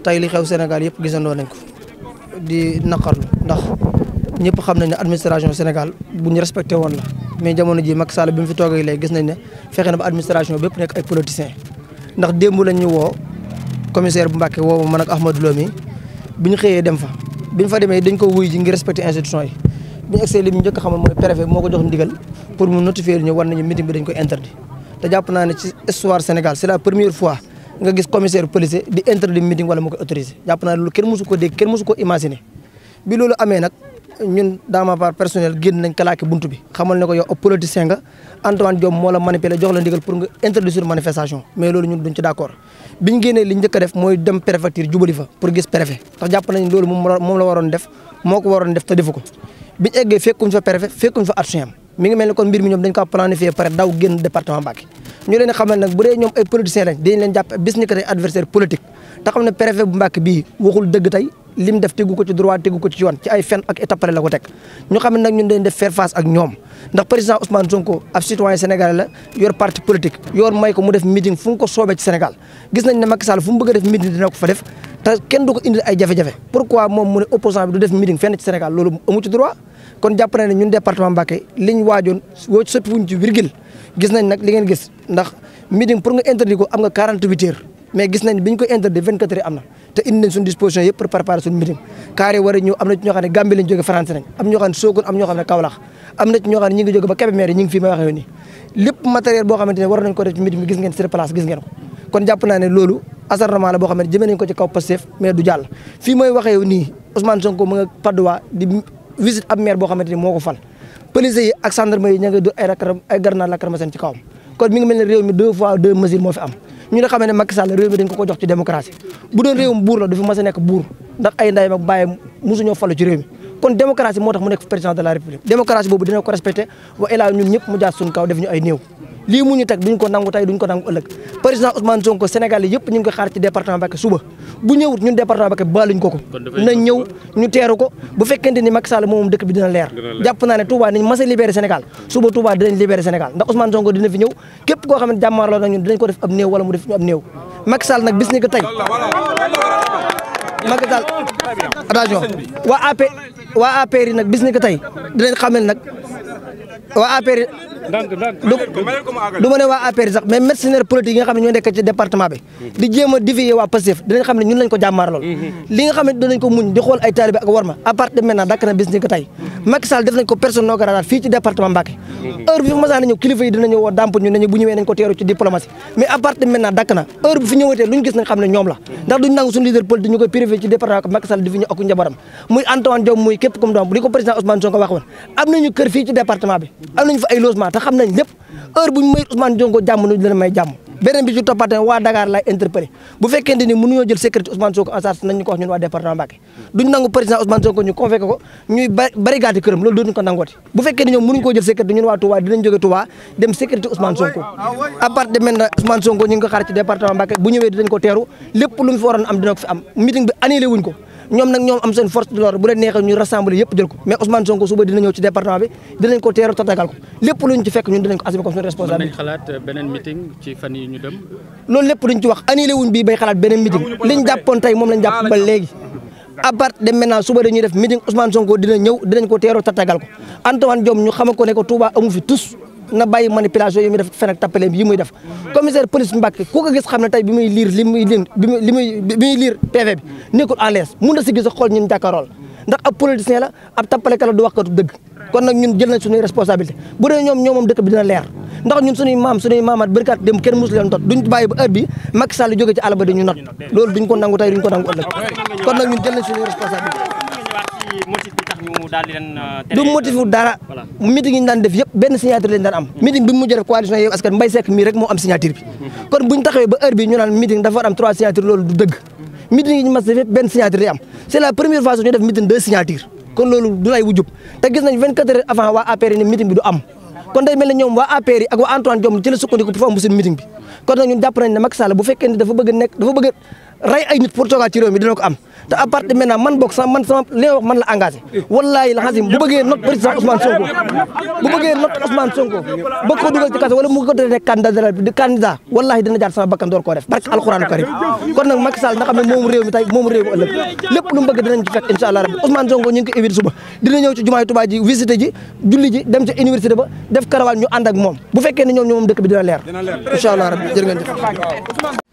tey li xew Sénégal yëpp gisandoo nañ ko di naqarlu ndax ñëpp xam nañ ne administration Sénégal bu ñu respecté woon la mais jamono ji Macky Sall bi mu fi toogee léegi gis nañ ne fexe na ba administration bépp nekk ay politiciens ndax démb lañ ñu woo commissaire bu Mbàkke woo ma man ak Ahmadou Lo mi bi ñu xëyee dem fa bi ñu fa demee dañ ko wuy ji ngi respecté institution yi bi ñu egsee li ñu njëkk a mooy préfet moo ko jox ndigal pour mu notifier ñu war nañu meeting bi dañ ko interdit te jàpp naa ne ci histoire Sénégal c'est la première fois nga gis commissaire policier di interdire meeting wala mu koy autorisé jàpp naa loolu kenn mosu ko kenn mosu ko bi loolu amee nag ñun dans ma part personnel génn nañ kalaaki buntu bi xamal ne ko yow ab nga Antoine Diome moo la manipuler jox la ndigal pour nga interdire manifestation mais loolu ñun duñ ci d' accord biñ génnee li njëkk a def mooy dem préfecture jubali fa pour gis préfet ndax jàpp nañ loolu moom la waroon def moo ko waroon def te defu ko biñ eggee fekkuñ fa préfet fekkuñ fa adjoint kon mbir mi ñoom dañ ko planifié pare daw génn département Mbacké ñu leen xamal nag bu dee ñoom ay politiciens lañ dañ leen jàpp bis ni ko tey adversaire politique te xam ne préfet bu Mbàkke bii waxul dëgg tey lim def tegu ko ci droit tegu ko ci yoon ci ay fen ak étape la ko teg ñu xam ne nag ñun dañ def faire face ak ñoom ndax président Ousmane Sonko ab citoyen sénégalais la yor parti politique yor may ko mu def meeting fu mu ko soobee ci Sénégal gis nañ ne Macky Sall fu mu bëgg a def meeting dina ko fa def te kenn du ko indi ay jafe-jafe pourquoi moom mu ne opposant bi du def meeting fenn ci Sénégal loolu amu ci droit kon jàpp na ne ñun département Mbacké liñ waajoon woo soppi wuñ ci virgule gis nañ nag li ngeen gis ndax meeting pour nga interdit ko am nga 48 heures mais gis nañ bi ñu ko interdit 24 heures am na te indi nañ disposition yëpp pour préparer suñu meeting carré war a am na ci ñoo xam ne Gambie am ñoo xam ne Sokone am ñoo xam kaw Pastef mais du jàll fii mooy waxee nii Ousmane Sonko mu nga Padoa di visite ab maire boo xamante moo ko fal policiers ak gendarmerie yi ña ngay ay ay garnaat lacrymogène ci kawam kon mi ngi mel mi deux fois deux mesures moo fi am ñu ne xamee ne Macky Sall réew mi dañ ko ko jox ci démocratie bu doon réewum buur la du fi mas a nekk buur ndax ay nday mag bàyyi mosuñoo falu ci réew mi kon démocratie moo tax mu nekk président de la république démocratie boobu dina ko respecté wa ilaa ñun def ñu ay néew lii mu ñu teg duñ ko nangu tey duñ ko nangu ëllëg président Ousmane Sonko Sénégal yëpp ñu ngi ko xaar ci département Mbacké suba bu ñëwut ñun département Mbacké baaluñ ko ko nañ ñëw ñu teeru ko bu fekkente ni Macky Sall moom dëkk bi dina leer jàpp naa ne Touba nañ mas a libéré Sénégal suba Touba dinañ libéré Sénégal ndax Ousmane Sonko dina fi ñëw képp koo xam ne jàmmaarloo na ñun dinañ ko def ab néew wala mu def ñu ab néew Macky Sall nag bis ni ko tey Macky waa AP waa APR yi nag bis ni ko tey dinañ xamel nag waa du ma waa APR sax mais mercenaire politique yi xam ne ñoo nekk ci département bi di jéem a divier waa Pastef dinañ xam ne ñun lañ ko jàmmaar lool mhm. li nga xam ne dinañ ko muñ di xool ay taalibe ak warma à partir de maintenant dakk na mhm. dakk mhm. na heure bi fi ñëwatee luñ ne ñu koy privé ci département Macky wax woon am nañu kër fii ci département bi am nañu fa ay logement te xam nañ lépp heure bu ñu may Ousmane Sonko jàmm nu dina may jàmm beneen bi ci toppatee waa Dakar lay interpellé bu fekkente ni mënuñoo mu sécurité Ousmane Sonko en charge nañ ñu ko wax ñun waa département Mbacké duñ nangu président Ousmane Sonko ñu convoqué ko ko ñun waa Touba dinañ bu ñëwee dinañ ko teeru lépp lu mu fi am dina fi am meeting bi annulé wuñ ko ñoom nag ñoom am seen force de l'ordre bu leen neexee ñu rassembler yëpp jël ko mais Ousmane Sonko bi dinañ ko teeru tatagal ko lépp luñ ci fekk ñun dinañ ko assumer comme suñu responsabilité. mën nañ xalaat beneen suba dina ñëw dinañ ko teeru tatagal ko Antoine Diome ñu xamal ko ne ko Touba amu fi tous na bàyyi manipulation yi muy def fen ak tappaleem yi def commissaire police Mbacke ku ko gis xam ne tey bi muy liir li muy li muy li muy liir PV bi ko à l'aise mun na si gis xool ñun jàkkaarool ndax ab politicien la ab tappalekat la du waxkatu dëgg kon nag ñun jël nañ suñuy responsabilité bu dee ñoom ñoo moom bi dina leer ndax ñun suñuy maam suñuy maamaat bërkaat dem kenn musu leen tot duñ bàyyi ba heure bi Macky Sall jóge ci àll ba dañu not loolu duñ ko nangu tey duñ ko nangu du motif wu dara meeting def benn signature lañu daan am meeting bi mu mujj def coalition Yewwi rek moo am signature bi kon buñ taxawee ba heure bi ñu naan dafa war am trois signature loolu du dëgg meeting yi ñu mas def yëpp benn signature day am c' est la première fois ñu def meeting deux signature kon loolu du lay wujjub te gis nañ 24 heures avant waa APR yi bi du am kon day mel ñoom waa APR yi ak waa Antoine Diome ci la sukkandiku pour fa bu seen meeting bi kon nag ñun jàpp nañ ne Macky Sall bu fekkee ne dafa bëgg nekk dafa bëgg rey ay nit pour toogaat ci réew mi dina ko am te à partir man bokk sama man sama li man la engagé wallaahi la xasim bu bëggee not président Ousmane Sonko bu bëggee not Ousmane Sonko bëgg ko dugal ci kaso wala mu ne moom réew mi tey moom réew mi ëllëg suba dina ñëw ci jumaay Tuubaa ji ji julli ji dem ci université ba def karawaan ñu ànd ak moom bu fekkee ne ñoom ñoom dëkk bi dina leer incha rabbi jërë ngeen